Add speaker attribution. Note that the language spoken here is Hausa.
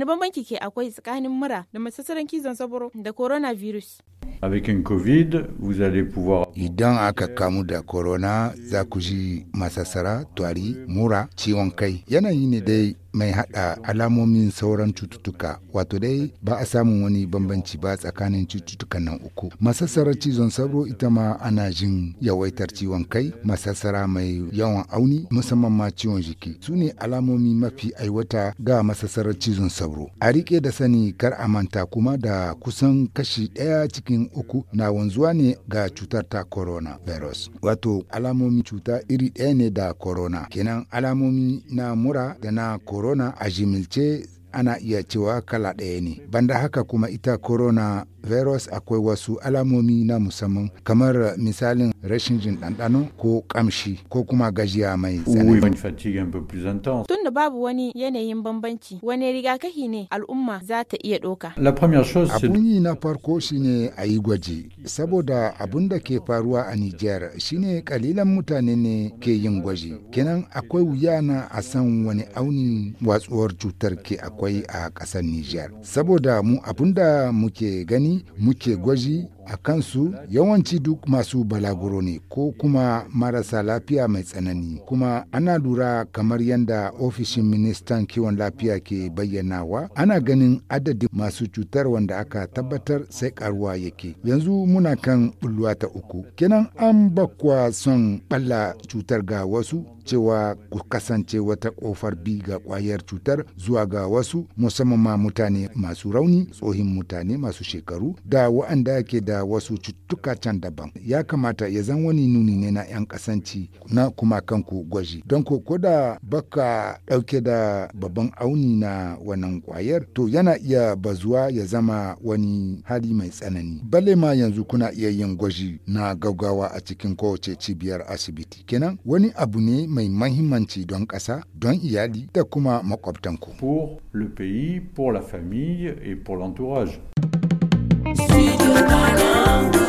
Speaker 1: wani bambanci ke akwai tsakanin mura da masassaran kizon saboro da coronavirus
Speaker 2: Avec COVID, vous Idan aka kamu da corona za ku ji masassara, tuari, mura, ciwon kai. Yanayi ne dai mai hada alamomin sauran cututtuka wato dai ba a samun wani bambanci ba tsakanin cututtukan nan uku masassarar cizon sauro ita ma ana jin yawaitar ciwon kai masassara mai yawan auni musamman ma ciwon jiki su ne alamomi mafi aiwata ga masassarar cizon sauro a rike da sani kar a manta kuma da kusan kashi ɗaya cikin uku na wanzuwa ne ga cutar ta virus. wato alamomi cuta iri ɗaya ne da corona kenan alamomi na mura da na corona corona a jimilce ana iya cewa kala ɗaya ne banda haka kuma ita corona virus akwai wasu alamomi na musamman kamar misalin rashin jin ɗanɗano ko ƙamshi ko kuma gajiya mai tsanani. Tun
Speaker 1: da babu wani yanayin bambanci wani rigakafi ne al'umma za ta iya ɗoka. Abun
Speaker 2: yi na farko shine a yi gwaji saboda abun da ke faruwa a Nijar shine kalilan mutane ne ke yin gwaji kenan akwai wuya na a san wani aunin watsuwar cutar ke akwai a ƙasar Nijar saboda mu abun da muke gani ni mu kegozi a kansu yawanci duk masu balaguro ne ko kuma marasa lafiya mai tsanani kuma ana lura kamar yadda ofishin ministan kiwon lafiya ke bayyanawa ana ganin adadin masu cutar wanda aka tabbatar sai karuwa yake yanzu muna kan bulluwa ta uku kenan an bakwa son balla cutar ga wasu cewa ku kasance wata kofar bi ga kwayar cutar zuwa ga wasu musamman ma mutane masu rauni tsohin mutane masu shekaru da wa'anda ke da wasu cututtuka can daban ya kamata ya zan wani nuni ne na 'yan kasanci na kuma kanku gwaji don ko da baka ɗauke da babban auni na wannan kwayar to yana iya bazuwa ya zama wani hali mai tsanani bale ma yanzu kuna iya yin gwaji na gaggawa a cikin kowace cibiyar asibiti kenan wani abu ne mai mahimmanci don ƙasa don iyali da kuma makwabtanku pour le pays pour la famille et pour l'entourage
Speaker 1: Studio Ghana.